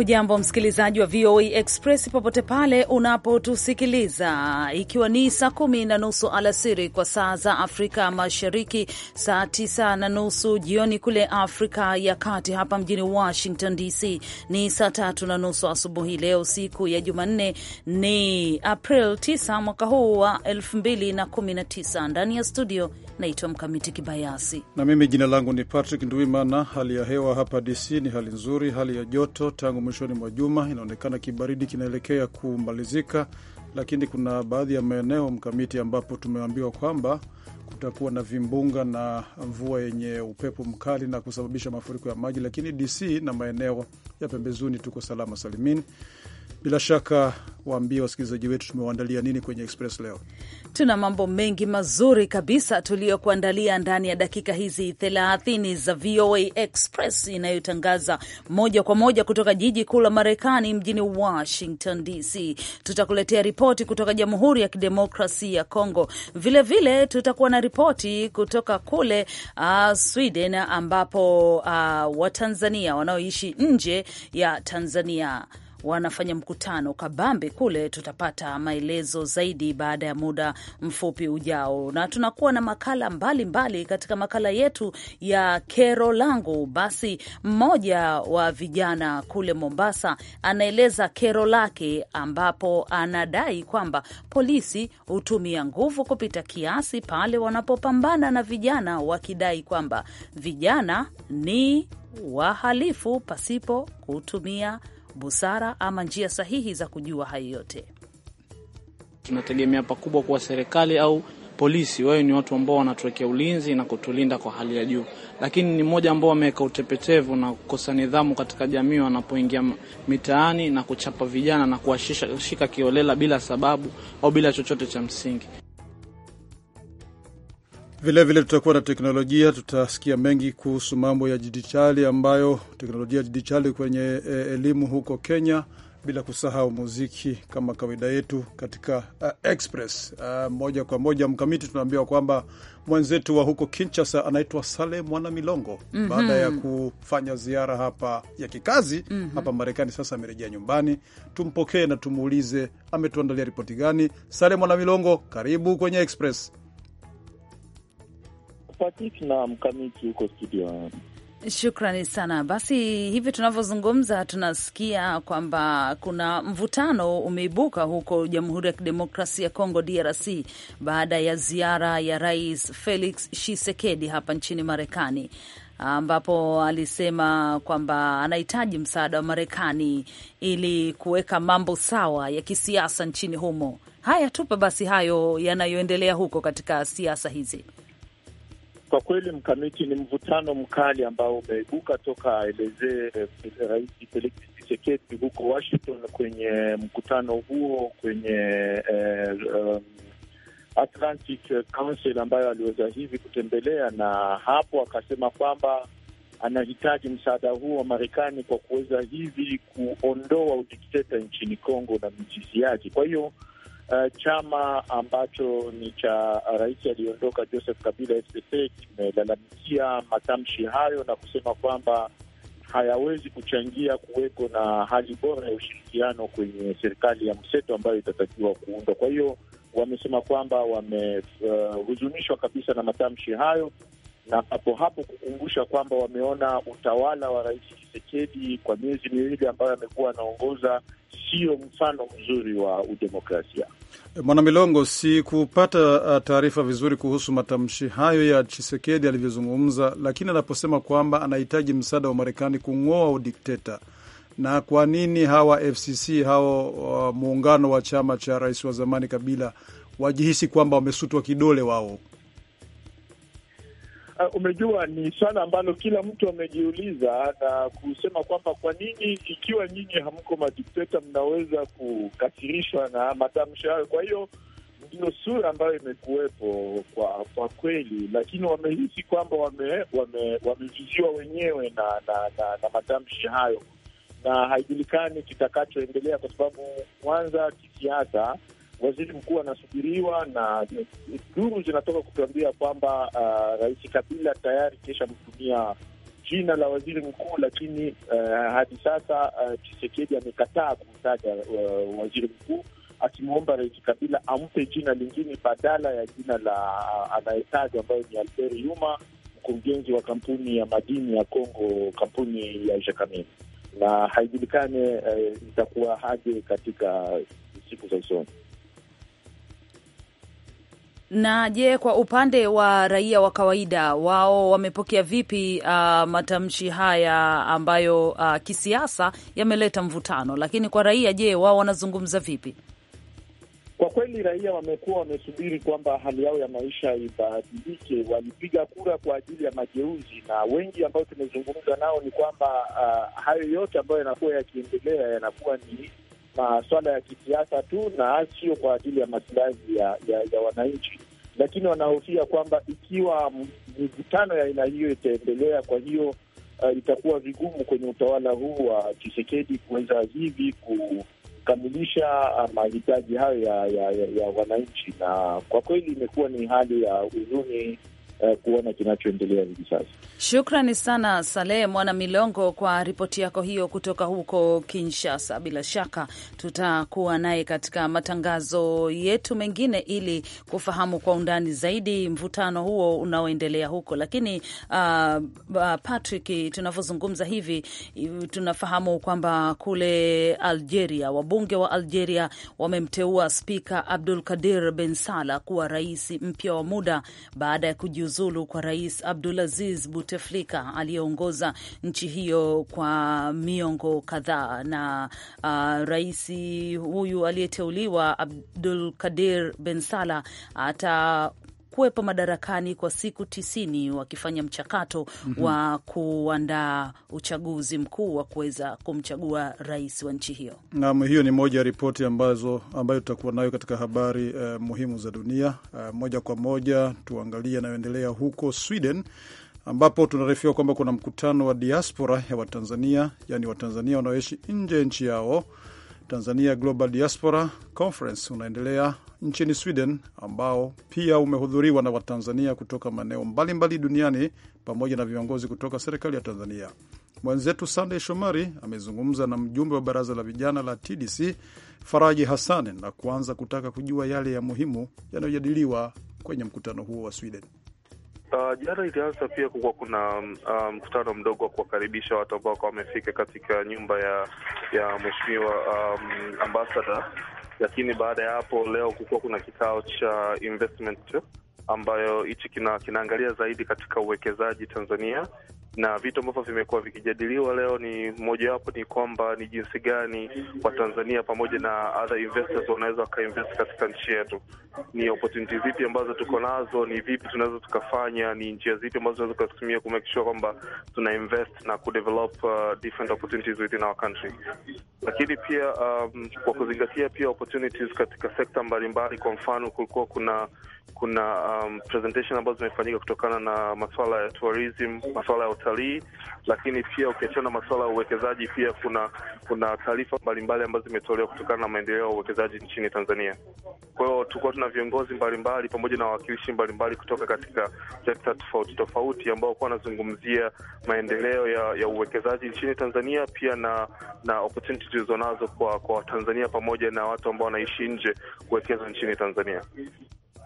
Hujambo msikilizaji wa VOA e Express popote pale unapotusikiliza, ikiwa ni saa kumi na nusu alasiri kwa saa za Afrika Mashariki, saa tisa na nusu jioni kule Afrika ya Kati. Hapa mjini Washington DC ni saa tatu na nusu asubuhi. Leo siku ya Jumanne ni April 9 mwaka huu wa 2019. Ndani ya studio naitwa Mkamiti Kibayasi na mimi jina langu ni Patrick Ndwimana. Hali ya hewa hapa DC ni hali nzuri, hali ya joto tangu mwishoni mwa juma. Inaonekana kibaridi kinaelekea kumalizika, lakini kuna baadhi ya maeneo mkamiti, ambapo tumeambiwa kwamba kutakuwa na vimbunga na mvua yenye upepo mkali na kusababisha mafuriko ya maji, lakini DC na maeneo ya pembezuni tuko salama salimini. Bila shaka waambie wasikilizaji wetu tumewaandalia nini kwenye Express leo. Tuna mambo mengi mazuri kabisa tuliyokuandalia ndani ya dakika hizi 30 za VOA Express inayotangaza moja kwa moja kutoka jiji kuu la Marekani, mjini Washington DC. Tutakuletea ripoti kutoka Jamhuri ya kidemokrasi ya congo vilevile tutakuwa na ripoti kutoka kule uh, Sweden ambapo uh, Watanzania wanaoishi nje ya Tanzania wanafanya mkutano kabambe kule. Tutapata maelezo zaidi baada ya muda mfupi ujao, na tunakuwa na makala mbalimbali mbali katika makala yetu ya kero langu. Basi mmoja wa vijana kule Mombasa anaeleza kero lake, ambapo anadai kwamba polisi hutumia nguvu kupita kiasi pale wanapopambana na vijana, wakidai kwamba vijana ni wahalifu pasipo kutumia busara ama njia sahihi za kujua hayo yote? Tunategemea pakubwa kuwa serikali au polisi, wao ni watu ambao wanatuwekea ulinzi na kutulinda kwa hali ya juu, lakini ni mmoja ambao wameweka utepetevu na kukosa nidhamu katika jamii wanapoingia mitaani na kuchapa vijana na kuwashika kiolela bila sababu au bila chochote cha msingi. Vilevile tutakuwa na teknolojia, tutasikia mengi kuhusu mambo ya dijitali, ambayo teknolojia ya dijitali kwenye e, elimu huko Kenya, bila kusahau muziki kama kawaida yetu katika uh, Express uh, moja kwa moja. Mkamiti, tunaambiwa kwamba mwenzetu wa huko Kinshasa anaitwa Sale Mwana Milongo mm -hmm. baada ya kufanya ziara hapa ya kikazi mm -hmm. hapa Marekani, sasa amerejea nyumbani. Tumpokee na tumuulize ametuandalia ripoti gani. Sale Mwana Milongo, karibu kwenye Express. Patrick na mkamiti huko studio. Shukrani sana. Basi hivi tunavyozungumza, tunasikia kwamba kuna mvutano umeibuka huko Jamhuri ya Kidemokrasia ya Kongo, DRC, baada ya ziara ya Rais Felix Tshisekedi hapa nchini Marekani, ambapo alisema kwamba anahitaji msaada wa Marekani ili kuweka mambo sawa ya kisiasa nchini humo. Haya, tupe basi hayo yanayoendelea huko katika siasa hizi. Kwa kweli mkamiti, ni mvutano mkali ambao umeibuka toka aelezee eh, Rais Felix Tshisekedi huko Washington kwenye mkutano huo kwenye eh, um, Atlantic Council ambayo aliweza hivi kutembelea, na hapo akasema kwamba anahitaji msaada huo wa Marekani kwa kuweza hivi kuondoa udikteta nchini Kongo na mizizi yake. Kwa hiyo uh, chama ambacho ni cha rais aliyeondoka Joseph Kabila, FCC, kimelalamikia matamshi hayo na kusema kwamba hayawezi kuchangia kuweko na hali bora ya ushirikiano kwenye serikali ya mseto ambayo itatakiwa kuundwa. Kwa hiyo wamesema kwamba wamehuzunishwa eh, uh, kabisa na matamshi hayo, na papo hapo kukumbusha kwamba wameona utawala wa Rais Tshisekedi kwa miezi miwili ambayo amekuwa anaongoza sio mfano mzuri wa udemokrasia. Mwanamilongo, sikupata uh, taarifa vizuri kuhusu matamshi hayo ya Chisekedi alivyozungumza, lakini anaposema kwamba anahitaji msaada wa Marekani kung'oa udikteta, na kwa nini hawa FCC hao, uh, muungano wa chama cha rais wa zamani Kabila wajihisi kwamba wamesutwa kidole wao? Uh, umejua ni swala ambalo kila mtu amejiuliza na kusema kwamba kwa nini, ikiwa nyinyi hamko madikteta, mnaweza kukasirishwa na matamshi hayo. Kwa hiyo ndio sura ambayo imekuwepo kwa kwa kweli, lakini wamehisi kwamba wame, wame, wameviziwa wenyewe na na, na, na matamshi hayo, na haijulikani kitakachoendelea kwa sababu kwanza kisiasa waziri mkuu anasubiriwa, na duru zinatoka kutuambia kwamba uh, Rais Kabila tayari kesha mtumia jina la waziri mkuu, lakini uh, hadi sasa uh, Chisekedi amekataa kumtaja uh, waziri mkuu akimwomba Rais Kabila ampe jina lingine badala ya jina la uh, anayetajwa ambayo ni Albert Yuma, mkurugenzi wa kampuni ya madini ya Kongo, kampuni ya Jacamin, na haijulikane uh, itakuwa haje katika siku za usoni. Na je, kwa upande wa raia wa kawaida, wao wamepokea vipi uh, matamshi haya ambayo uh, kisiasa yameleta mvutano? Lakini kwa raia, je, wao wanazungumza vipi? Kwa kweli raia wamekuwa wamesubiri kwamba hali yao ya maisha ibadilike. Walipiga kura kwa ajili ya mageuzi, na wengi ambao tumezungumza nao ni kwamba uh, hayo yote ambayo yanakuwa yakiendelea yanakuwa ni maswala ya kisiasa tu na sio kwa ajili ya masilahi ya, ya, ya wananchi, lakini wanahofia kwamba ikiwa mivutano ya aina hiyo itaendelea, kwa hiyo uh, itakuwa vigumu kwenye utawala huu wa chisekedi kuweza hivi kukamilisha uh, mahitaji hayo ya, ya, ya, ya wananchi, na kwa kweli imekuwa ni hali ya huzuni uh, kuona kinachoendelea hivi sasa. Shukrani sana Saleh Mwana Milongo kwa ripoti yako hiyo kutoka huko Kinshasa. Bila shaka tutakuwa naye katika matangazo yetu mengine ili kufahamu kwa undani zaidi mvutano huo unaoendelea huko. Lakini uh, uh Patrick, tunavyozungumza hivi tunafahamu kwamba kule Algeria wabunge wa Algeria wamemteua spika Abdul Kadir bensala kuwa rais mpya wa muda baada ya kujiuzulu kujiuzulu kwa Rais Abdulaziz Buteflika aliyeongoza nchi hiyo kwa miongo kadhaa, na uh, rais huyu aliyeteuliwa Abdul Kadir Bensala ata kuwepo madarakani kwa siku tisini wakifanya mchakato mm -hmm. wa kuandaa uchaguzi mkuu wa kuweza kumchagua rais wa nchi hiyo. Naam, hiyo ni moja ya ripoti ambazo ambayo tutakuwa nayo katika habari eh, muhimu za dunia eh, moja kwa moja tuangalie yanayoendelea huko Sweden ambapo tunaarifiwa kwamba kuna mkutano wa diaspora ya Watanzania, yaani Watanzania wanaoishi nje ya nchi yao Tanzania Global Diaspora Conference unaendelea nchini Sweden, ambao pia umehudhuriwa na Watanzania kutoka maeneo mbalimbali duniani pamoja na viongozi kutoka serikali ya Tanzania. Mwenzetu Sandey Shomari amezungumza na mjumbe wa baraza la vijana la TDC Faraji Hassan na kuanza kutaka kujua yale ya muhimu yanayojadiliwa kwenye mkutano huo wa Sweden. Uh, jana ilianza pia kukuwa kuna um, mkutano um, mdogo wa kuwakaribisha watu ambao wamefika katika nyumba ya ya mheshimiwa um, ambasada, lakini baada ya hapo leo kukuwa kuna kikao cha investment ambayo hichi kina, kinaangalia zaidi katika uwekezaji Tanzania na vitu ambavyo vimekuwa vikijadiliwa leo ni mojawapo ni kwamba ni jinsi gani Watanzania pamoja na other investors wanaweza wakainvest katika nchi yetu, ni opportunity zipi ambazo tuko nazo, ni vipi tunaweza tukafanya, ni njia zipi ambazo tunaweza tukatumia kumake sure kwamba tuna invest na kudevelop uh, different opportunities within our country, lakini pia um, kwa kuzingatia pia opportunities katika sekta mbalimbali. Kwa mfano kulikuwa kuna kuna um, presentation ambazo zimefanyika kutokana na masuala ya tourism, masuala ya utalii, lakini pia ukiachana masuala ya uwekezaji, pia kuna kuna taarifa mbalimbali ambazo zimetolewa kutokana na maendeleo ya uwekezaji nchini Tanzania. Kwa hiyo tulikuwa tuna viongozi mbalimbali pamoja na wawakilishi mbalimbali kutoka katika sekta tofauti tofauti ambao kuwa wanazungumzia maendeleo ya, ya uwekezaji nchini Tanzania, pia na na opportunities zilizonazo kwa kwa Tanzania pamoja na watu ambao wanaishi nje kuwekeza nchini Tanzania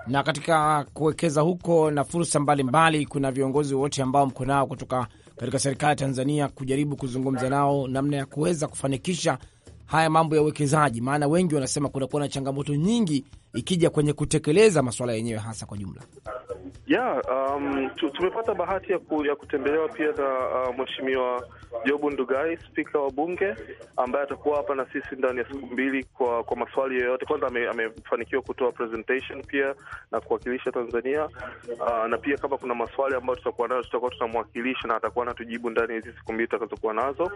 na katika kuwekeza huko na fursa mbalimbali mbali, kuna viongozi wote ambao mko nao kutoka katika serikali ya Tanzania kujaribu kuzungumza nao namna ya kuweza kufanikisha haya mambo ya uwekezaji, maana wengi wanasema kunakuwa na changamoto nyingi ikija kwenye kutekeleza masuala yenyewe hasa kwa jumla. Yeah, um, tumepata bahati ya, ku, ya kutembelewa pia na uh, mheshimiwa Jobu Ndugai, spika wa bunge ambaye atakuwa hapa na sisi ndani ya siku mbili kwa kwa maswali yoyote. Kwanza amefanikiwa ame kutoa presentation pia na kuwakilisha Tanzania uh, na pia kama kuna maswali ambayo tutakuwa nayo tutakuwa tunamwakilisha na atakuwa anatujibu ndani ya hizi siku mbili tutakazokuwa nazo.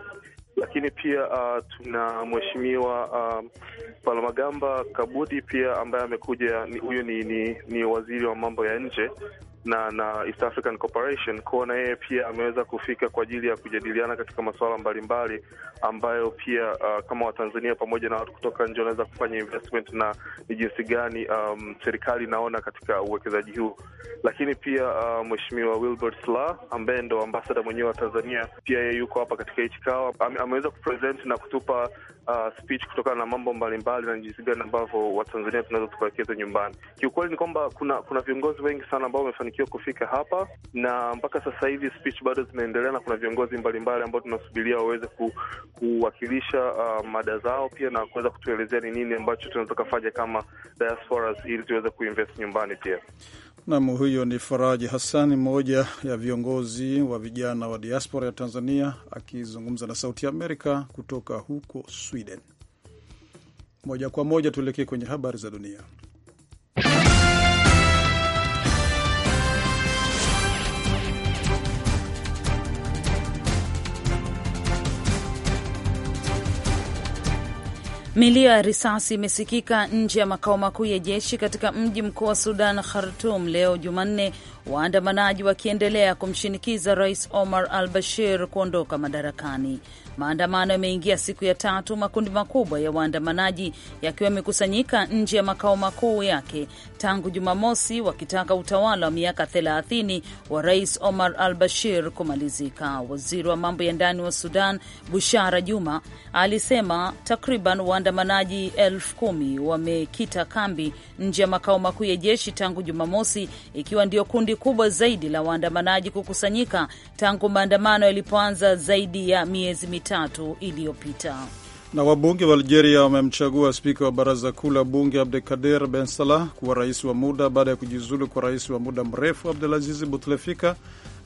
Lakini pia uh, tuna mheshimiwa uh, Palamagamba Kabudi pia ambaye amekuja, huyu ni, ni, ni waziri wa mambo ya nje na na East African Corporation kuona yeye pia ameweza kufika kwa ajili ya kujadiliana katika masuala mbalimbali ambayo pia uh, kama Watanzania pamoja na watu kutoka nje wanaweza kufanya investment na ni jinsi gani um, serikali inaona katika uwekezaji huu. Lakini pia uh, Mheshimiwa Wilbert Sla ambaye ndo ambasada mwenyewe wa Tanzania pia yeye yuko hapa katika hichi kawa ame, ameweza kupresent na kutupa uh, speech kutokana na mambo mbalimbali na jinsi gani ambavyo Watanzania tunaweza tukawekeza nyumbani. Kiukweli ni kwamba kuna kuna viongozi wengi sana ambao wamefanya kufanikiwa kufika hapa, na mpaka sasa hivi speech bado zinaendelea, na kuna viongozi mbalimbali ambao tunasubiria waweze ku, kuwakilisha uh, mada zao pia na kuweza kutuelezea ni nini ambacho tunaweza kufanya kama diasporas ili tuweze kuinvest nyumbani pia. Nam, huyo ni Faraji hassani mmoja ya viongozi wa vijana wa diaspora ya Tanzania akizungumza na Sauti ya Amerika kutoka huko Sweden. Moja kwa moja tuelekee kwenye habari za dunia. Milio ya risasi imesikika nje ya makao makuu ya jeshi katika mji mkuu wa Sudan, Khartum, leo Jumanne, waandamanaji wakiendelea kumshinikiza Rais Omar al Bashir kuondoka madarakani. Maandamano yameingia siku ya tatu, makundi makubwa ya waandamanaji yakiwa yamekusanyika nje ya makao makuu yake tangu Jumamosi, wakitaka utawala wa miaka 30 wa Rais Omar al Bashir kumalizika. Waziri wa mambo ya ndani wa Sudan, Bushara Juma, alisema takriban waandamanaji elfu kumi wamekita kambi nje ya makao makuu ya jeshi tangu Jumamosi, ikiwa ndio kundi kubwa zaidi la waandamanaji kukusanyika tangu maandamano yalipoanza zaidi ya miezi mitatu mitatu iliyopita. Na wabunge wa Algeria wamemchagua spika wa baraza kuu la bunge Abdekader bensalah kuwa rais wa muda baada ya kujiuzulu kwa rais wa muda mrefu Abdulaziz Butlefika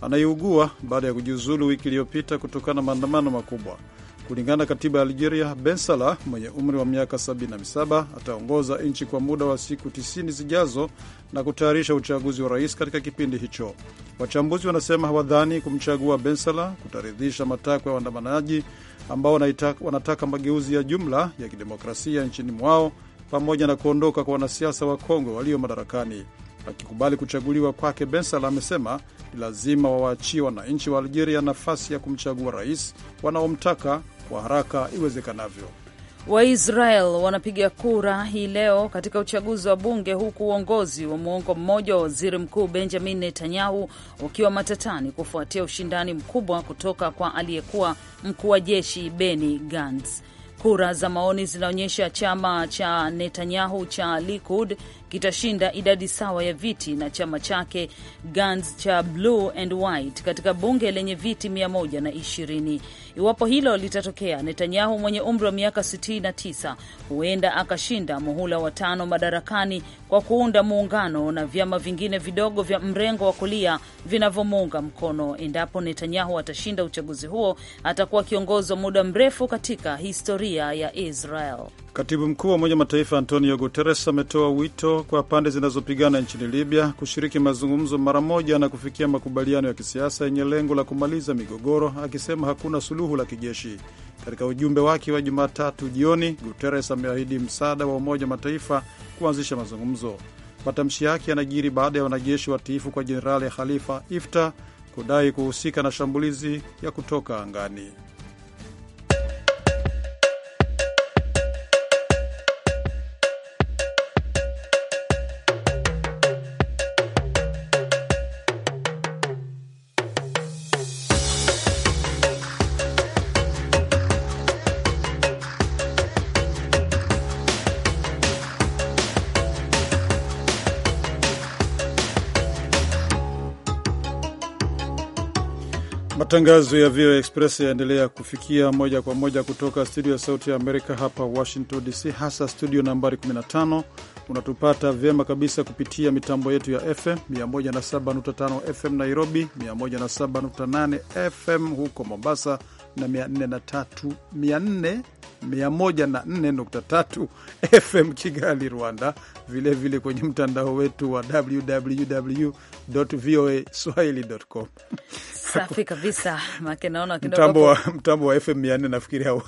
anayeugua baada ya kujiuzulu wiki iliyopita kutokana na maandamano makubwa. Kulingana na katiba ya Algeria, Ben Salah mwenye umri wa miaka 77 ataongoza nchi kwa muda wa siku 90 zijazo na kutayarisha uchaguzi wa rais katika kipindi hicho. Wachambuzi wanasema hawadhani kumchagua Ben Salah kutaridhisha matakwa ya waandamanaji ambao wanataka mageuzi ya jumla ya kidemokrasia nchini mwao pamoja na kuondoka kwa wanasiasa wa kongwe walio madarakani. Akikubali kuchaguliwa kwake, Ben Salah amesema ni lazima wawaachie wananchi wa Algeria nafasi ya kumchagua rais wanaomtaka kwa haraka iwezekanavyo. Waisrael wanapiga kura hii leo katika uchaguzi wa bunge huku uongozi wa muongo mmoja wa waziri mkuu Benjamin Netanyahu ukiwa matatani kufuatia ushindani mkubwa kutoka kwa aliyekuwa mkuu wa jeshi Benny Gantz. Kura za maoni zinaonyesha chama cha Netanyahu cha Likud kitashinda idadi sawa ya viti na chama chake Guns cha Blue and White katika bunge lenye viti 120. Iwapo hilo litatokea, Netanyahu mwenye umri wa miaka 69 huenda akashinda muhula wa tano madarakani kwa kuunda muungano na vyama vingine vidogo vya mrengo wa kulia vinavyomuunga mkono. Endapo Netanyahu atashinda uchaguzi huo, atakuwa kiongozi wa muda mrefu katika historia ya Israel. Katibu mkuu wa Umoja Mataifa Antonio Guterres ametoa wito kwa pande zinazopigana nchini Libya kushiriki mazungumzo mara moja na kufikia makubaliano ya kisiasa yenye lengo la kumaliza migogoro, akisema hakuna suluhu la kijeshi. Katika ujumbe wake wa Jumatatu jioni, Guterres ameahidi msaada wa Umoja Mataifa kuanzisha mazungumzo. Matamshi yake yanajiri baada ya wanajeshi watiifu kwa Jenerali Khalifa Iftar kudai kuhusika na shambulizi ya kutoka angani. Matangazo ya VOA Express yaendelea kufikia moja kwa moja kutoka studio ya Sauti ya Amerika hapa Washington DC, hasa studio nambari 15. Unatupata vyema kabisa kupitia mitambo yetu ya FM 107.5 FM Nairobi, 107.8 FM huko Mombasa na 104.3 FM Kigali, Rwanda, vilevile vile kwenye mtandao wetu wa www voa swahili.com. Safi kabisa, make naona kidogo mtambo wa FM 400 nafikiri hao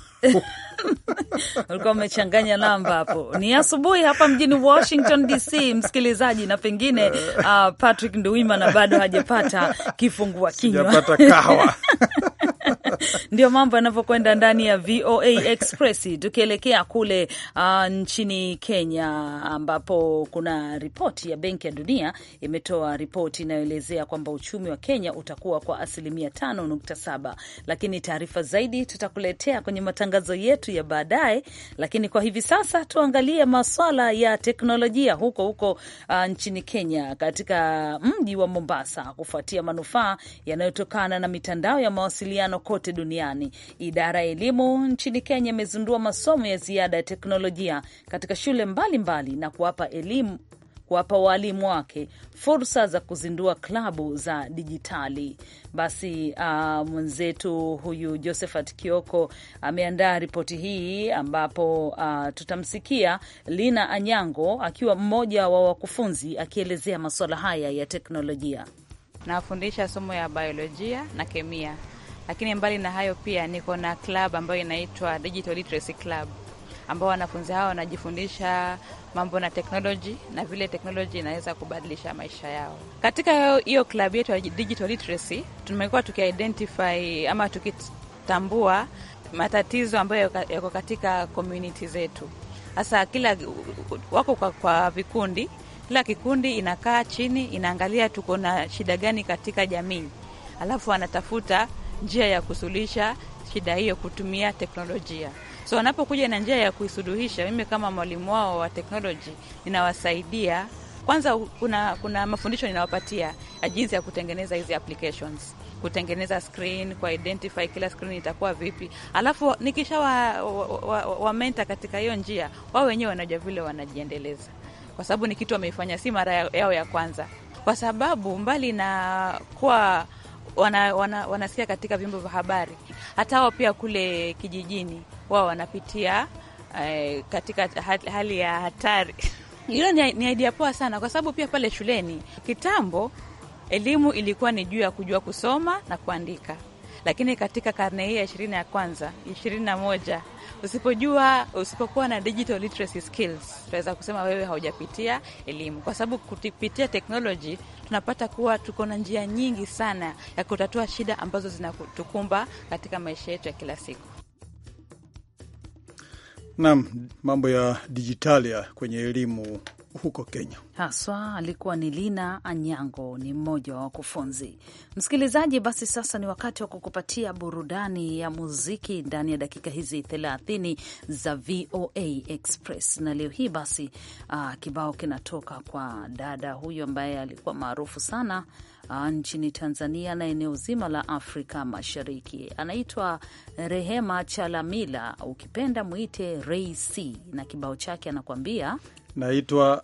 ulikuwa umechanganya namba hapo. Ni asubuhi hapa mjini Washington DC, msikilizaji, na pengine uh, Patrick Nduwimana bado hajapata kifungua kinywa, kahawa Ndio mambo yanavyokwenda ndani ya VOA Express, tukielekea kule uh, nchini Kenya ambapo kuna ripoti ya Benki ya Dunia imetoa ripoti inayoelezea kwamba uchumi wa Kenya utakuwa kwa asilimia 5.7, lakini taarifa zaidi tutakuletea kwenye matangazo yetu ya baadaye. Lakini kwa hivi sasa tuangalie maswala ya teknolojia huko huko, uh, nchini Kenya katika mji wa Mombasa, kufuatia manufaa yanayotokana na mitandao ya mawasiliano kote duniani. Idara ya elimu nchini Kenya imezindua masomo ya ziada ya teknolojia katika shule mbalimbali mbali na kuwapa elimu kuwapa waalimu wake fursa za kuzindua klabu za dijitali. Basi uh, mwenzetu huyu Josephat Kioko ameandaa ripoti hii ambapo uh, tutamsikia Lina Anyango akiwa mmoja wa wakufunzi akielezea masuala haya ya teknolojia. Nafundisha somo ya biolojia na kemia lakini mbali na hayo pia niko na club ambayo inaitwa Digital Literacy Club ambao wanafunzi hao wanajifundisha mambo na teknoloji na vile teknoloji inaweza kubadilisha maisha yao. Katika hiyo klabu yetu ya digital literacy, tumekuwa tukiidentify ama tukitambua matatizo ambayo yako katika komuniti zetu. hasa kila wako kwa, kwa vikundi, kila kikundi inakaa chini inaangalia tuko na shida gani katika jamii, alafu wanatafuta njia ya kusuluhisha shida hiyo kutumia teknolojia. So wanapokuja na njia ya kuisuluhisha, mimi kama mwalimu wao wa teknoloji ninawasaidia kwanza. Kuna, kuna mafundisho ninawapatia ya jinsi ya kutengeneza hizi applications, kutengeneza screen, ku identify kila screen itakuwa vipi, alafu nikisha wamenta wa, wa, wa katika hiyo njia, wao wenyewe wanajua vile wanajiendeleza, kwa sababu ni kitu wameifanya si mara yao ya kwanza, kwa sababu mbali na kuwa wanasikia wana, wana katika vyombo vya habari. Hata wao pia kule kijijini wao wanapitia eh, katika hali ya hatari. Hilo ni, ni idea poa sana, kwa sababu pia pale shuleni kitambo elimu ilikuwa ni juu ya kujua kusoma na kuandika, lakini katika karne hii ya ishirini ya kwanza ishirini na moja Usipojua, usipokuwa na digital literacy skills, tunaweza kusema wewe haujapitia elimu, kwa sababu kupitia teknoloji tunapata kuwa tuko na njia nyingi sana ya kutatua shida ambazo zinatukumba katika maisha yetu ya kila siku. Naam, mambo ya dijitalia kwenye elimu huko Kenya haswa alikuwa ni Lina Anyango, ni mmoja wa wakufunzi. Msikilizaji, basi sasa ni wakati wa kukupatia burudani ya muziki ndani ya dakika hizi thelathini za VOA Express, na leo hii basi uh, kibao kinatoka kwa dada huyu ambaye alikuwa maarufu sana uh, nchini Tanzania na eneo zima la Afrika Mashariki. Anaitwa Rehema Chalamila, ukipenda mwite Rei C, na kibao chake anakuambia naitwa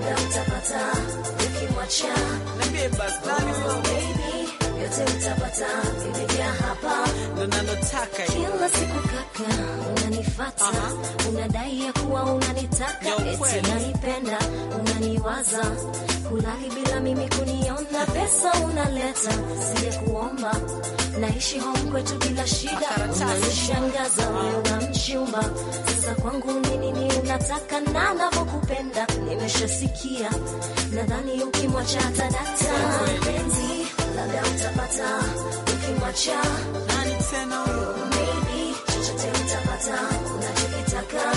labda utapata ukimwacha yote utapata, nimejaa hapa ndo kila siku kaka, unanifata uh -huh. unadai ya kuwa unanitaka eti nanipenda, unaniwaza kulali bila mimi kuniona, pesa unaleta, sija kuomba, naishi home kwetu bila shida, unanishangaza wewe una mchumba. Sasa kwangu nini unataka, na navyokupenda nimeshasikia, nadhani ukimwacha tadata msaada utapata, ukimwacha nani tena huyo? Maybe chochote utapata unachokitaka,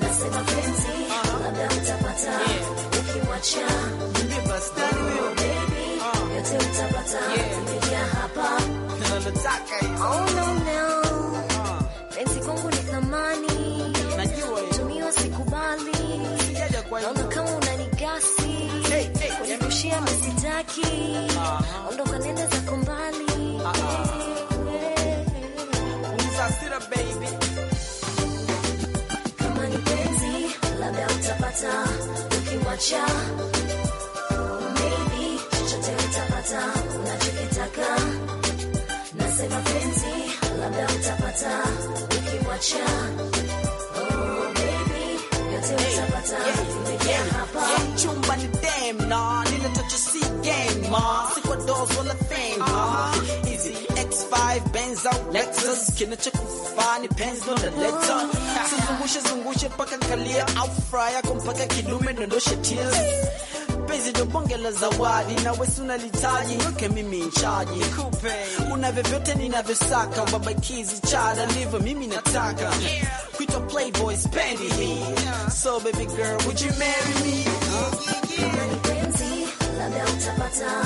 nasema penzi labda utapata, ukimwacha ah. yote utapata, imejia hapa oh, no, no. Penzi ah. kwangu ni thamani, tumiwa sikubali nirushia msitaki, ondoka nenda zako mbali. Kama ni penzi labda utapata ukimwacha, maybe chochote utapata unachokitaka. Nasema penzi labda utapata ukimwacha, oh, maybe yote utapata chumba ni dem na nile tacho si game ma ah. siko dozo la fame ma hizi X5 Benz au Lexus kinachokufaa ni penzi na leta sizungushe zungushe paka kalia au fry yako mpaka kidume dondoshe tears penzi ndo bonge la zawadi na wewe unalitaji weke mimi nchaji kupe una vyovyote ninavyosaka ubabakizi chada live mimi nataka kuitwa playboy spendi so baby girl would you marry me Ukimwacha, nipenzi labda utapata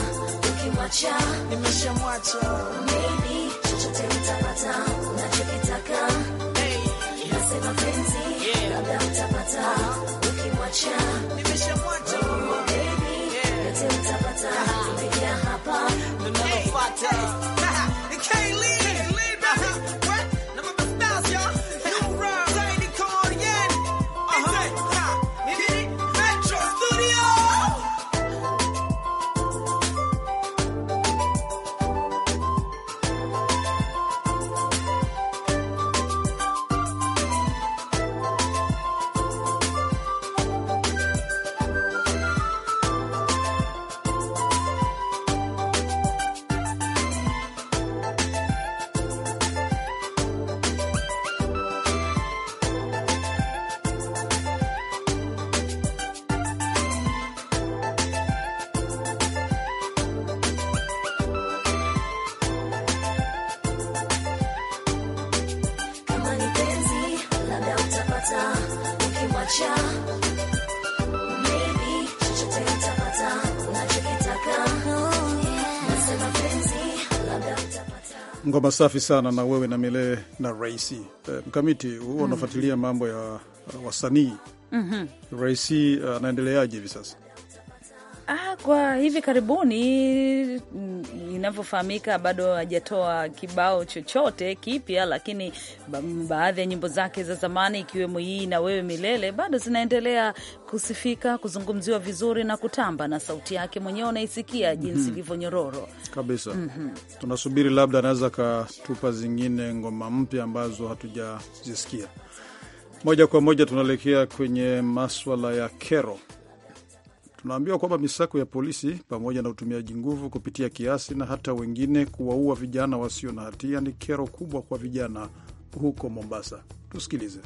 Ngoma safi sana na wewe na milee na Raisi eh, Mkamiti, huwa mm. unafuatilia mambo ya uh, wasanii. mm -hmm. Raisi uh, anaendeleaje hivi sasa? Ah, kwa hivi karibuni inavyofahamika, bado hajatoa kibao chochote kipya, lakini baadhi ya nyimbo zake za zamani ikiwemo hii na wewe milele bado zinaendelea kusifika, kuzungumziwa vizuri na kutamba, na sauti yake mwenyewe unaisikia jinsi mm -hmm. ilivyo nyororo kabisa mm -hmm. Tunasubiri labda anaweza akatupa zingine ngoma mpya ambazo hatujazisikia. Moja kwa moja tunaelekea kwenye maswala ya kero Tunaambiwa kwamba misako ya polisi pamoja na utumiaji nguvu kupitia kiasi na hata wengine kuwaua vijana wasio na hatia ni kero kubwa kwa vijana huko Mombasa. Tusikilize.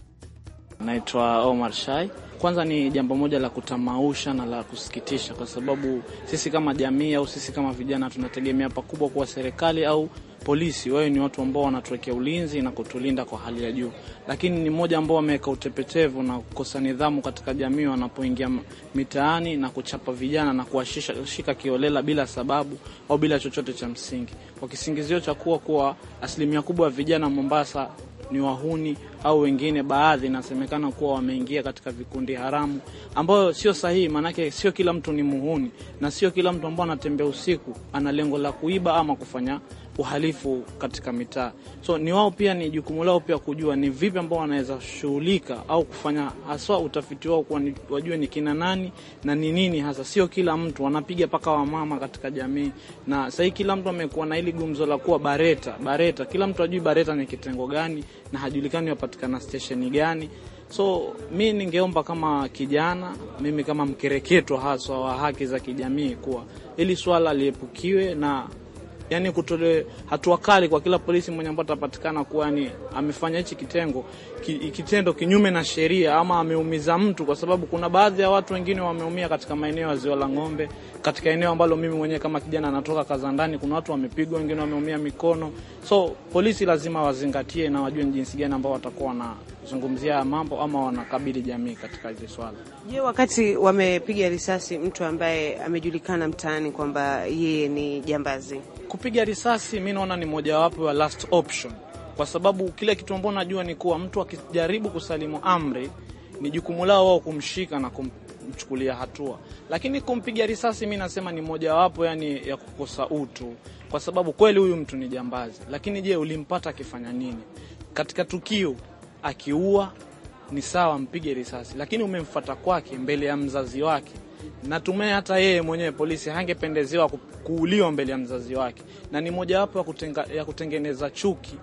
Naitwa Omar Shai. Kwanza ni jambo moja la kutamausha na la kusikitisha, kwa sababu sisi kama jamii au sisi kama vijana tunategemea pakubwa kuwa serikali au polisi, wao ni watu ambao wanatuwekea ulinzi na kutulinda kwa hali ya juu, lakini ni mmoja ambao wameweka utepetevu na kukosa nidhamu katika jamii wanapoingia mitaani na kuchapa vijana na kuwashika kiolela bila sababu au bila chochote cha msingi, kwa kisingizio cha kuwa kuwa asilimia kubwa ya vijana Mombasa ni wahuni au wengine baadhi inasemekana kuwa wameingia katika vikundi haramu, ambayo sio sahihi. Maanake sio kila mtu ni muhuni na sio kila mtu ambaye anatembea usiku ana lengo la kuiba ama kufanya uhalifu katika mitaa. So ni wao pia, ni jukumu lao pia kujua ni vipi ambao wanaweza shughulika au kufanya haswa utafiti wao, kwa wajue ni kina nani na ni nini hasa. Sio kila mtu wanapiga paka wamama katika jamii, na sahii kila mtu amekuwa na hili gumzo la kuwa bareta bareta, kila mtu ajui bareta ni kitengo gani na hajulikani wapatikana stesheni gani. So mi ningeomba kama kijana, mimi kama mkereketo haswa wa haki za kijamii, kuwa ili swala liepukiwe na yani kutole hatua kali kwa kila polisi mwenye ambaye atapatikana kuwa ni amefanya hichi kitengo ki, kitendo kinyume na sheria ama ameumiza mtu, kwa sababu kuna baadhi ya watu wengine wameumia katika maeneo ya Ziwa la Ng'ombe, katika eneo ambalo mimi mwenyewe kama kijana natoka Kazandani, kuna watu wamepigwa, wengine wameumia mikono. So polisi lazima wazingatie na wajue jinsi gani ambao watakuwa na kuzungumzia mambo ama wanakabili jamii katika hili swala. Je, wakati wamepiga risasi mtu ambaye amejulikana mtaani kwamba yeye ni jambazi, kupiga risasi mi naona ni mojawapo ya last option, kwa sababu kile kitu ambao najua ni kuwa mtu akijaribu kusalimu amri ni jukumu lao wao kumshika na kumchukulia hatua, lakini kumpiga risasi mi nasema ni mojawapo yani ya kukosa utu, kwa sababu kweli huyu mtu ni jambazi, lakini je, ulimpata akifanya nini katika tukio? akiua ni sawa, mpige risasi, lakini umemfata kwake mbele ya mzazi wake. Natumai hata yeye mwenyewe polisi hangependezewa kuuliwa mbele ya mzazi wake, na ni mojawapo ya kutengeneza chuki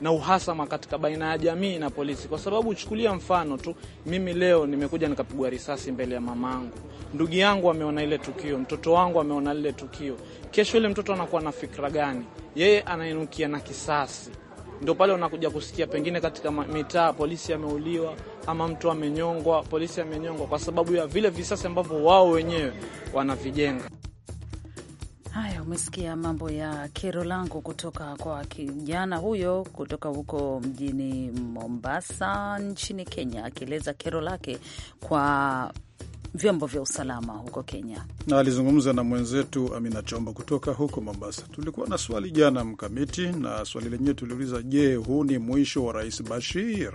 na uhasama katika baina ya jamii na polisi, kwa sababu uchukulia mfano tu, mimi leo nimekuja nikapigwa risasi mbele ya mamangu, ndugu yangu ameona ile tukio, mtoto wangu ameona lile tukio, kesho ile mtoto anakuwa na fikra gani? Yeye anainukia na kisasi. Ndio pale unakuja kusikia pengine katika mitaa polisi ameuliwa ama mtu amenyongwa, polisi amenyongwa kwa sababu ya vile visasi ambavyo wao wenyewe wanavijenga. Haya, umesikia mambo ya kero langu kutoka kwa kijana huyo kutoka huko mjini Mombasa nchini Kenya, akieleza kero lake kwa vyombo vya usalama huko Kenya. Na alizungumza na mwenzetu Amina Chombo kutoka huko Mombasa. Tulikuwa na swali jana Mkamiti, na swali lenyewe tuliuliza, je, huu ni mwisho wa Rais Bashir?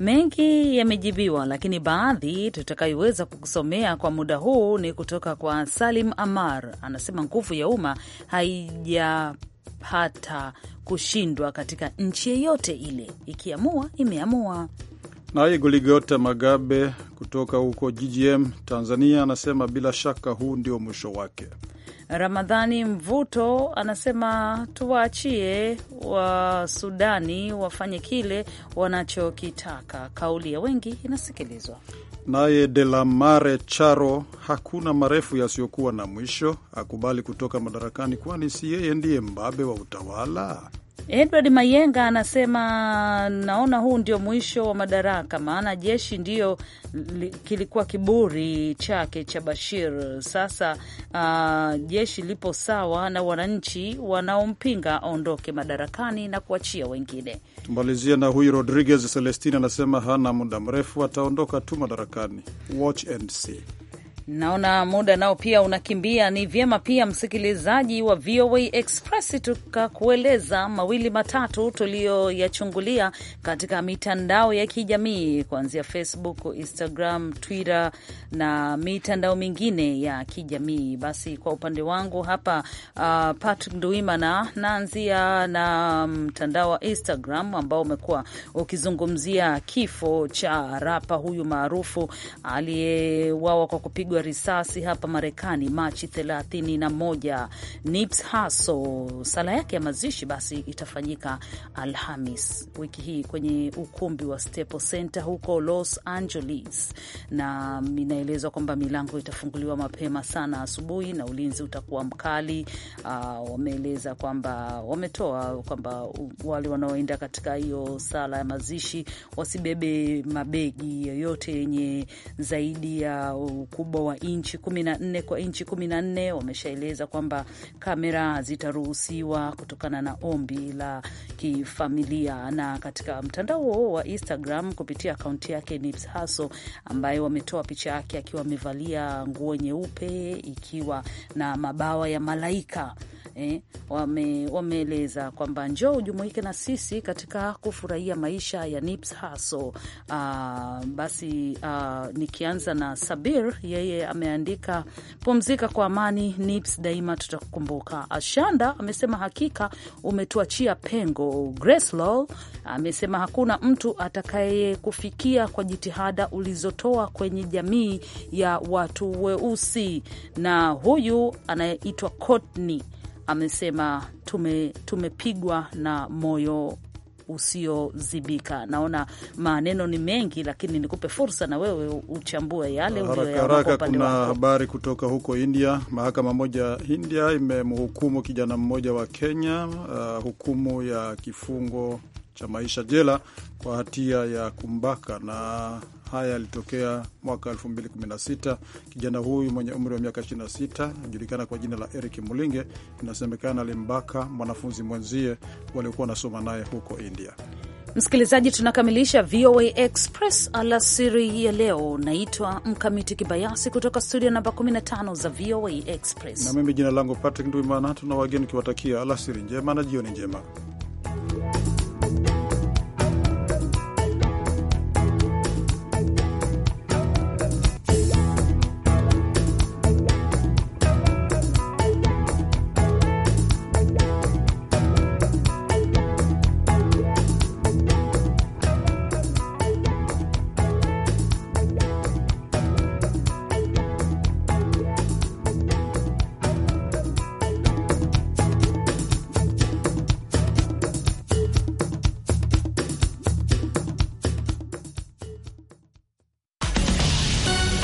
Mengi yamejibiwa, lakini baadhi tutakayoweza kukusomea kwa muda huu ni kutoka kwa Salim Amar, anasema nguvu ya umma haijapata kushindwa katika nchi yeyote ile, ikiamua imeamua. Naye Goligota Magabe kutoka huko GGM Tanzania anasema bila shaka huu ndio mwisho wake. Ramadhani Mvuto anasema tuwaachie wa Sudani wafanye kile wanachokitaka, kauli ya wengi inasikilizwa. Naye Delamare Charo, hakuna marefu yasiyokuwa na mwisho, akubali kutoka madarakani, kwani si yeye ndiye mbabe wa utawala? Edward Mayenga anasema naona huu ndio mwisho wa madaraka, maana jeshi ndiyo kilikuwa kiburi chake cha Bashir. Sasa uh, jeshi lipo sawa na wananchi wanaompinga aondoke madarakani na kuachia wengine. Tumalizia na huyu Rodriguez Celestina anasema hana muda mrefu, ataondoka tu madarakani. Watch and see. Naona muda nao pia unakimbia. Ni vyema pia msikilizaji wa VOA Express tukakueleza mawili matatu tuliyoyachungulia katika mitandao ya kijamii kuanzia Facebook, Instagram, Twitter na mitandao mingine ya kijamii. Basi kwa upande wangu hapa, uh, Patrick Nduimana, naanzia na mtandao wa Instagram ambao umekuwa ukizungumzia kifo cha rapa huyu maarufu aliyewawa kwa kupigwa kupigwa risasi hapa Marekani Machi 31. Nips haso sala yake ya mazishi basi itafanyika Alhamis wiki hii kwenye ukumbi wa Staples Center huko Los Angeles, na inaelezwa kwamba milango itafunguliwa mapema sana asubuhi na ulinzi utakuwa mkali. Uh, wameeleza kwamba wametoa kwamba wale wanaoenda katika hiyo sala ya mazishi wasibebe mabegi yoyote yenye zaidi ya ukubwa wa inchi 14 kwa inchi 14 wameshaeleza kwamba kamera zitaruhusiwa kutokana na ombi la kifamilia. Na katika mtandao huo wa Instagram kupitia akaunti yake nips haso ambaye wametoa picha yake akiwa amevalia nguo nyeupe ikiwa na mabawa ya malaika. Eh, wameeleza kwamba njoo ujumuike na sisi katika kufurahia maisha ya Nips Hussle. Uh, ah, basi uh, nikianza na Sabir yeye yeye ameandika pumzika kwa amani, NIPS daima tutakukumbuka. Ashanda amesema hakika umetuachia pengo. Greslow amesema hakuna mtu atakayekufikia kwa jitihada ulizotoa kwenye jamii ya watu weusi. Na huyu anayeitwa Cotney amesema tume, tumepigwa na moyo usiozibika. Naona maneno ni mengi, lakini nikupe fursa na wewe uchambue yale uliyoyaona. Kuna habari kutoka huko India. Mahakama moja India imemhukumu kijana mmoja wa Kenya uh, hukumu ya kifungo cha maisha jela kwa hatia ya kumbaka na Haya yalitokea mwaka 2016. Kijana huyu mwenye umri wa miaka 26 anajulikana kwa jina la Eric Mulinge, inasemekana alimbaka mwanafunzi mwenzie waliokuwa wanasoma naye huko India. Msikilizaji, tunakamilisha VOA Express alasiri ya leo. Naitwa Mkamiti Kibayasi kutoka studio namba 15 za VOA Express, na mimi jina langu Patrick Ndwimana. Tuna wageni kiwatakia alasiri njema na jioni njema.